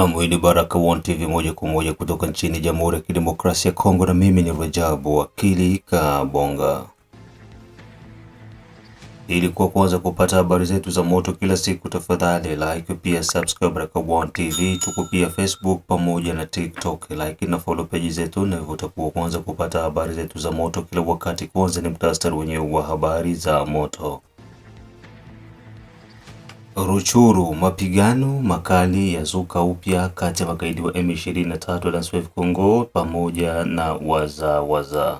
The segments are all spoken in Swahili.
Naam, hii ni Baraka One TV moja kwa moja kutoka nchini Jamhuri ya Kidemokrasia ya Kongo, na mimi ni Rajabu Wakili Kabonga. Ili kuwa kwanza kupata habari zetu za moto kila siku, tafadhali like pia subscribe Baraka One TV. Tuko pia Facebook pamoja na TikTok, like na follow page zetu, na hivyo utakuwa kwanza kupata habari zetu za moto kila wakati. Kwanza ni mtasari wenyewe wa habari za moto. Ruchuru, mapigano makali yazuka upya kati ya magaidi wa M23 na Swav Congo pamoja na wazawaza waza.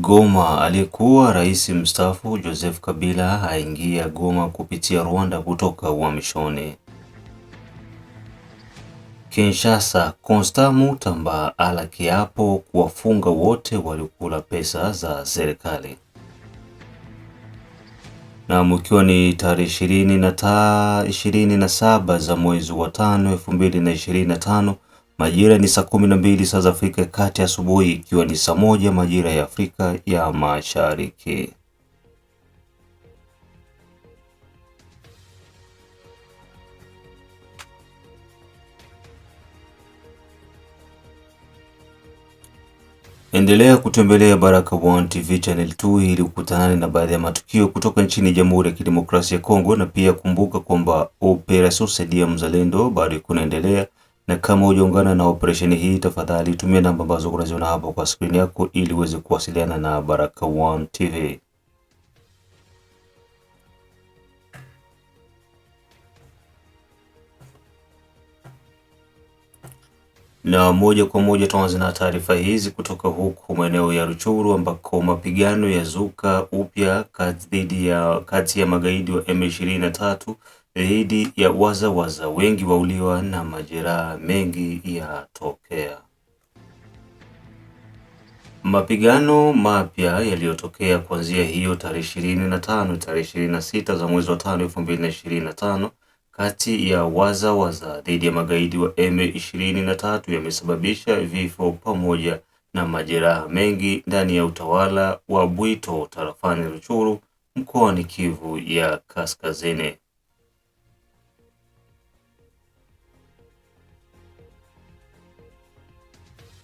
Goma, aliyekuwa rais mstaafu Joseph Kabila aingia Goma kupitia Rwanda kutoka uhamishoni. Kinshasa, konsta Mutamba ala kiapo kuwafunga wote waliokula pesa za serikali na ikiwa ni tarehe ishirini na ta ishirini na saba za mwezi wa tano elfu mbili na ishirini na tano majira ni saa kumi na mbili saa za Afrika ya Kati asubuhi, ikiwa ni saa moja majira ya Afrika ya Mashariki. Endelea kutembelea Baraka1 TV Channel 2 ili kukutanane na baadhi ya matukio kutoka nchini Jamhuri ya Kidemokrasia ya Kongo, na pia kumbuka kwamba opera Saidia Mzalendo bado kunaendelea, na kama hujaungana na operesheni hii, tafadhali tumia namba ambazo unaziona hapo kwa skrini yako ili uweze kuwasiliana na Baraka1 TV. Na moja kwa moja tuanze na taarifa hizi kutoka huku maeneo ya Ruchuru ambako mapigano yazuka upya kati ya, kati ya magaidi wa M23 dhidi ya wazawaza, wengi wauliwa na majeraha mengi yatokea. Mapigano mapya yaliyotokea kuanzia hiyo tarehe 25 tarehe 26 za mwezi wa 5 2025 kati ya wazawaza dhidi ya magaidi wa M23 yamesababisha vifo pamoja na majeraha mengi ndani ya utawala wa Bwito tarafani Ruchuru mkoani Kivu ya Kaskazini.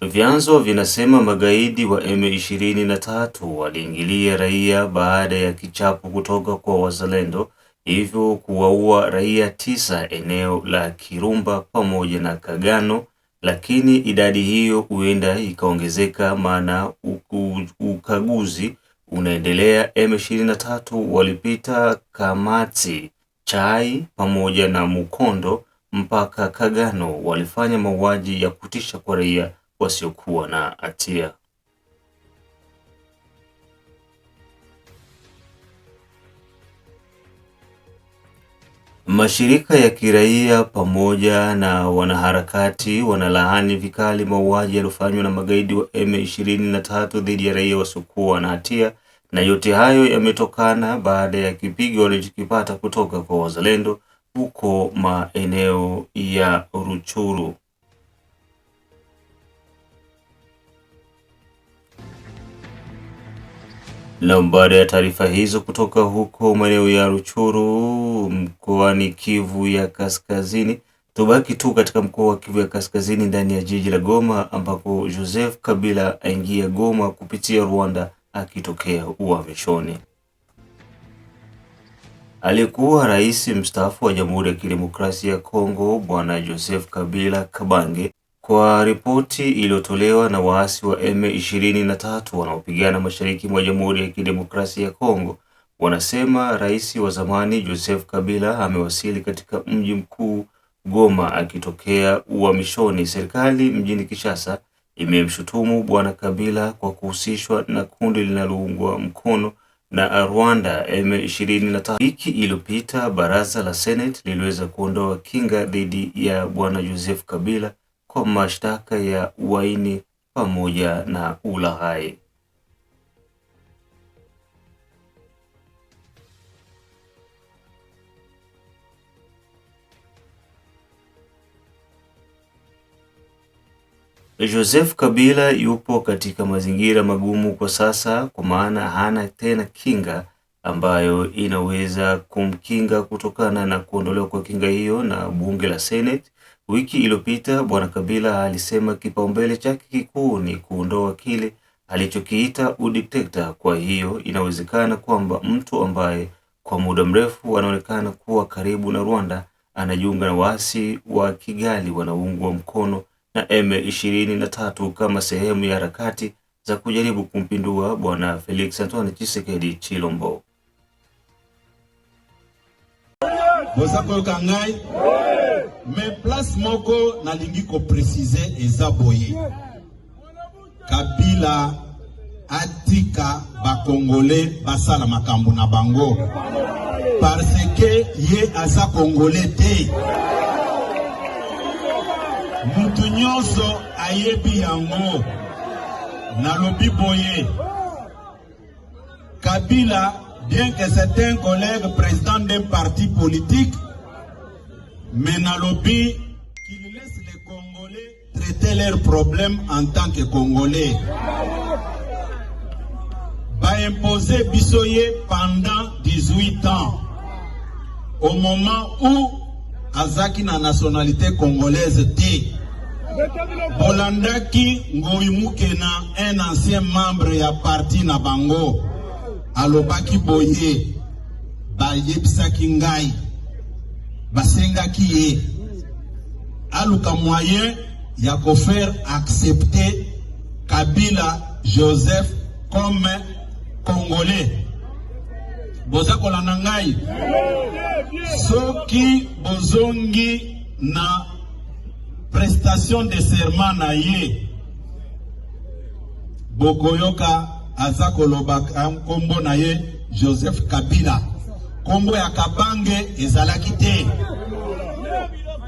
Vyanzo vinasema magaidi wa M23 waliingilia raia baada ya kichapo kutoka kwa wazalendo hivyo kuwaua raia tisa eneo la Kirumba pamoja na Kagano, lakini idadi hiyo huenda ikaongezeka, maana ukaguzi unaendelea. M23 walipita Kamati, Chai pamoja na Mukondo mpaka Kagano, walifanya mauaji ya kutisha kwa raia wasiokuwa na hatia. Mashirika ya kiraia pamoja na wanaharakati wanalaani vikali mauaji yaliyofanywa na magaidi wa M23 dhidi ya raia wasiokuwa na hatia, na yote hayo yametokana baada ya kipigo walichokipata kutoka kwa wazalendo huko maeneo ya Ruchuru. Na baada ya taarifa hizo kutoka huko maeneo ya Ruchuru mkoani Kivu ya Kaskazini, tubaki tu katika mkoa wa Kivu ya Kaskazini ndani ya jiji la Goma ambapo Joseph Kabila aingia Goma kupitia Rwanda akitokea uhamishoni. Aliyekuwa rais mstaafu wa Jamhuri ya Kidemokrasia ya Kongo Bwana Joseph Kabila Kabange kwa ripoti iliyotolewa na waasi wa M23 wanaopigana mashariki mwa Jamhuri ya Kidemokrasia ya Kongo, wanasema rais wa zamani Joseph Kabila amewasili katika mji mkuu Goma akitokea uhamishoni. Serikali mjini kishasa imemshutumu bwana Kabila kwa kuhusishwa na kundi linaloungwa mkono na Rwanda M23. Wiki iliyopita baraza la Senate liliweza kuondoa kinga dhidi ya bwana Joseph Kabila kwa mashtaka ya uhaini pamoja na ulaghai. Joseph Kabila yupo katika mazingira magumu kwa sasa, kwa maana hana tena kinga ambayo inaweza kumkinga kutokana na kuondolewa kwa kinga hiyo na bunge la Senate Wiki iliyopita Bwana Kabila alisema kipaumbele chake kikuu ni kuondoa kile alichokiita udikteta. Kwa hiyo inawezekana kwamba mtu ambaye kwa muda mrefu anaonekana kuwa karibu na Rwanda anajiunga na waasi wa Kigali wanaungwa mkono na M23 kama sehemu ya harakati za kujaribu kumpindua Bwana Felix Antoine Tshisekedi Chilombo. Mais place moko nalingi koprécise précisé Zaboye. kabila atika congolais, basala makambu na bango parce que ye aza kongole té. mutu ayebi yango nalobi boye kabila bien que c'est un collègue président d'un parti politique mais qui qu'ils laisse les Congolais traiter leurs problèmes en tant que Congolais. va imposer Bissoye pendant 18 ans, au moment où Azaki na nationalité congolaise dit Bolandaki Ngoimukena, un ancien membre ya parti na Bango, boyé boye, yepsa Kingai. basengaki ye aluka moyen ya kofaire accepter kabila joseph comme congolais boza kolanda ngai soki bozongi na prestation de serment na ye bokoyoka aza kolobaka ah, nkombo na ye joseph kabila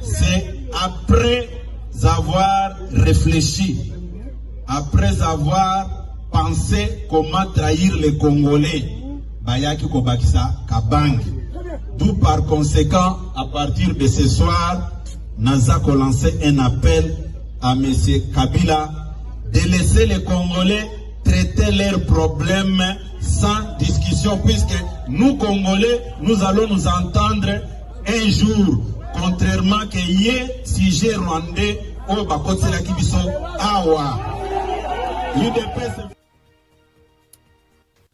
c'est après avoir réfléchi après avoir pensé comment trahir les congolais bayaki kobakisa kabange d'où par conséquent à partir de ce soir Nazako lançait un appel à M. kabila de laisser les congolais traiter leurs problèmes sans discussion puisque nous Congolais, nous allons nous entendre un jour, contrairement que ye sujet rwandais au oh, Bakotse la biso awa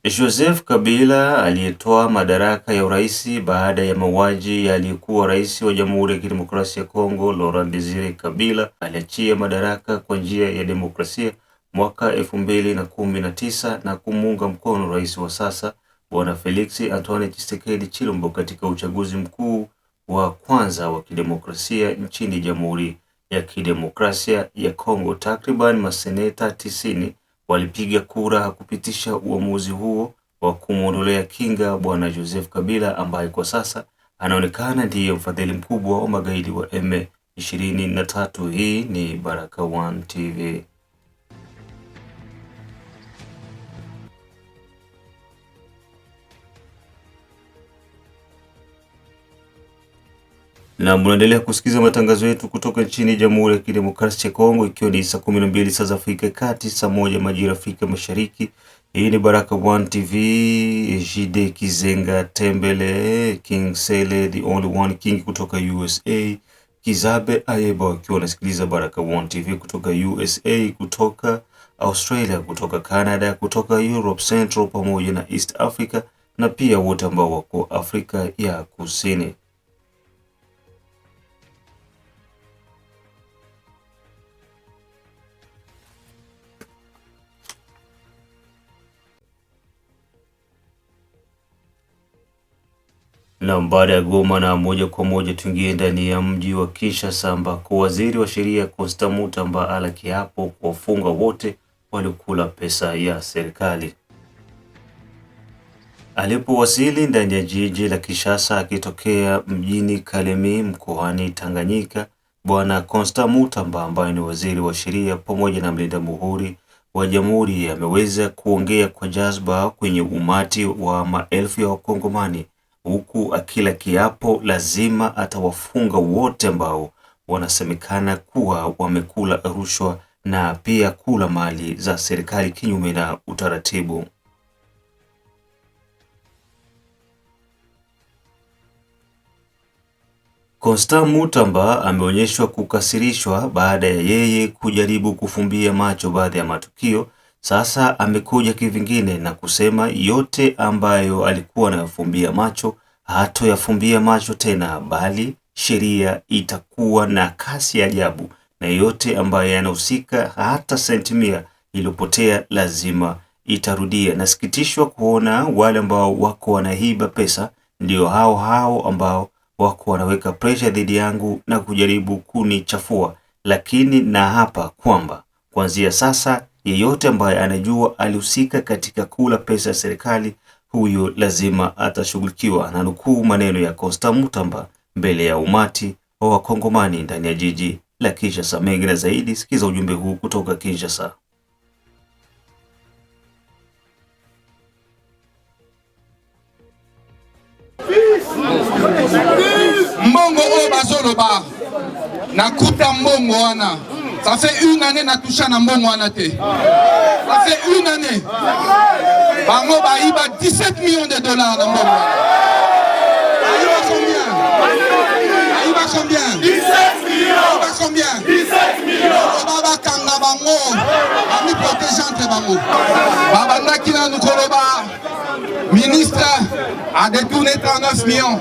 Joseph Kabila aliyetoa madaraka ya urais baada ya mauaji ya aliyekuwa rais wa Jamhuri ya Kidemokrasia ya Kongo Laurent Desire Kabila aliachia madaraka kwa njia ya demokrasia mwaka elfu mbili na kumi na tisa na kumuunga mkono rais wa sasa Bwana Felix Antoine Tshisekedi Chilombo katika uchaguzi mkuu wa kwanza wa kidemokrasia nchini Jamhuri ya Kidemokrasia ya Kongo. Takriban maseneta tisini walipiga kura kupitisha uamuzi huo wa kumwondolea kinga Bwana Joseph Kabila ambaye kwa sasa anaonekana ndiye mfadhili mkubwa wa magaidi wa M23. Hii ni Baraka One TV. na mnaendelea kusikiliza matangazo yetu kutoka nchini Jamhuri ya Kidemokrasia ya Kongo, ikiwa ni saa kumi na mbili saa za Afrika Kati, saa moja majira Afrika Mashariki. Hii ni Baraka One TV. JD Kizenga Tembele, King Sele, the only one king kutoka USA, Kizabe Ayeba wakiwa wanasikiliza Baraka One TV kutoka USA, kutoka Australia, kutoka Canada, kutoka Europe Central pamoja na East Africa, na pia wote ambao wako Afrika ya Kusini. na baada ya Goma na moja kwa moja tuingie ndani ya mji wa Kinshasa ambako waziri wa sheria Constant Mutamba ala kiapo kuwafunga wote waliokula pesa ya serikali. Alipowasili ndani ya jiji la Kinshasa akitokea mjini Kalemie mkoani Tanganyika, Bwana Constant Mutamba ambaye ni waziri wa sheria pamoja na mlinda muhuri wa jamhuri ameweza kuongea kwa jazba kwenye umati wa maelfu ya Wakongomani huku akila kiapo lazima atawafunga wote ambao wanasemekana kuwa wamekula rushwa na pia kula mali za serikali kinyume na utaratibu. Constant Mutamba ameonyeshwa kukasirishwa baada ya yeye kujaribu kufumbia macho baadhi ya matukio sasa amekuja kivingine na kusema yote ambayo alikuwa anayofumbia macho hatoyafumbia macho tena, bali sheria itakuwa na kasi ya ajabu, na yote ambayo yanahusika hata senti mia iliyopotea lazima itarudia. Nasikitishwa kuona wale ambao wako wanahiba pesa ndio hao hao ambao wako wanaweka presha dhidi yangu na kujaribu kunichafua, lakini na hapa kwamba kuanzia sasa Yeyote ambaye anajua alihusika katika kula pesa ya serikali, huyo lazima atashughulikiwa, na nukuu maneno ya Costa Mutamba mbele ya umati wa Wakongomani ndani ya jiji la Kinshasa. Mengi na zaidi, sikiza ujumbe huu kutoka Kinshasa. mbongo oyo bazoloba nakuta mbongo wana Ça fait une année na touché na mon Ça fait une année. Bango 17 millions de dollars na mbongo. Bayiba combien? va combien? 17 millions. Bayiba combien? 17 millions. Baba kanga bango. Ami protéger entre bango. Baba ndaki nous Ministre a détourné 39 millions.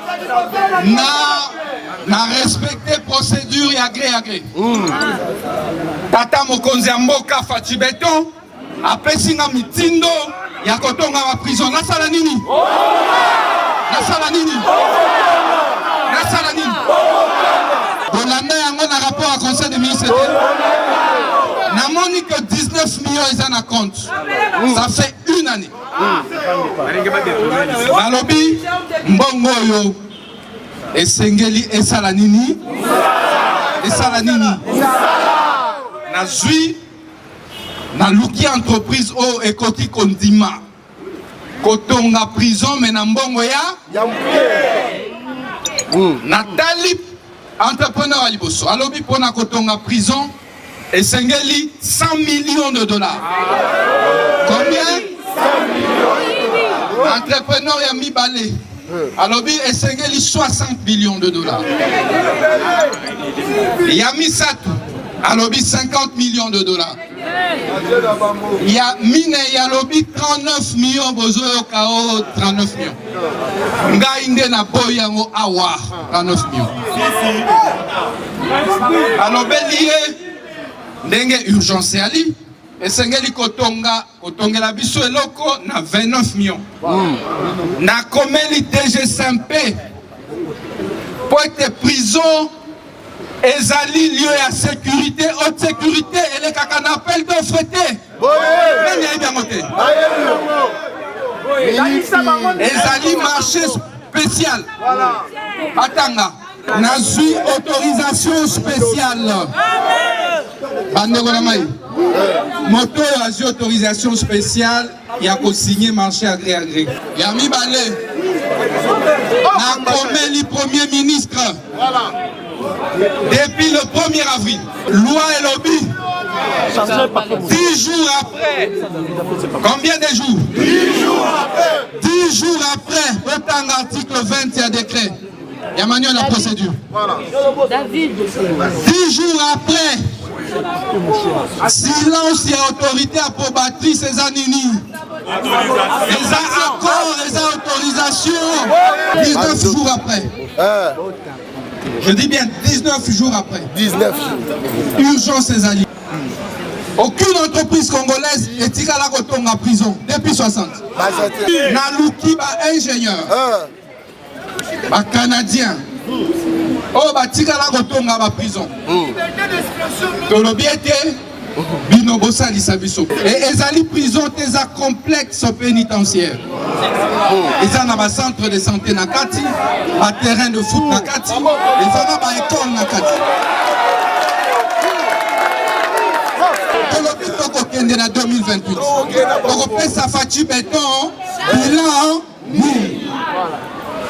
na respecte procédure et agré agré mon tata mokonzi ya fati beton apesi mitindo ya kotonga prison nasala nini nasala nini nasala nini yango na rapport à conseil de ministre n'a que 19 millions eza en compte ça fait une année malobi mbongo et Salanini et nini? esala nini? na naluki entreprise et Koti kondima kotonga prison me mbongo ya hmm. natali entrepreneur ya liboso alobi pona kotonga prison Sengeli 100 millions de dollars ah. combien entrepreneur ami balé alobi les 60 millions de dollars Il y a Misat alobi 50 millions de dollars Il y a Il y alobi 39 millions au o 39 millions ngai nde na à awa 39 millions Alobi ye ndenge urgence ali esengeli kotonga kotongela biso eloko na 29 millions wow. Hmm. nakomeli DG Saint-Pé po ete prison ezali lieu ya sécurité haute sécurité elekaka na appel d'offre te nani ayebi yango te ezali marché spécial atanga eu autorisation spéciale Amen na moto a autorisation spéciale a consigné marché agré agré a mibale oh. le premier ministre depuis le 1er avril loi et lobby, 10 jours après combien de jours 10 jours après Autant article 20 un décret il y a manuel la procédure. David. Dix jours après, silence et autorité approbatrice ces Zanini. Les accords, les autorisations. 19 jours après. Je dis bien 19 jours après. 19 Urgence ces alliés. Aucune entreprise congolaise est tirée à la prison depuis 60. Nalouki, ingénieur à oyo oh, batikala kotonga baprison tolobi ete bino bosalisa biso ezali prison te eza complexe pénitentiaire ont na centre de santé Nakati, kati terrain de foot Nakati, na kati une école Nakati. na kati tolobi est en 2028 On tokopesa faci beton bilan oui.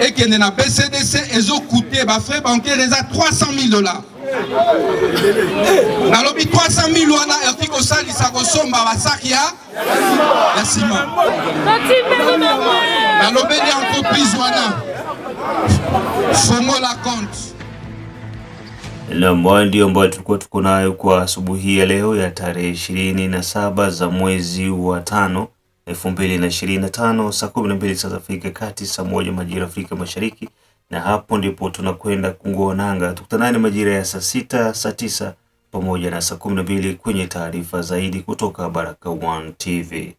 ekende na bcdc ezokute bafrais bancaire eza 300 dollars nalobi 300 wana ekoki kosalisa kosomba basaki ya ya nsima nalobeli entreprise wana fongola compte Nambayo ndio ambayo tulikuwa tuko nayo kwa asubuhi ya leo ya tarehe ishirini na saba za mwezi wa tano 2025 saa 12 saa za Afrika Kati, saa moja majira Afrika Mashariki, na hapo ndipo tunakwenda kung'oa nanga. Tukutanane majira ya saa sita, saa tisa pamoja na saa 12 kwenye taarifa zaidi kutoka Baraka1 TV.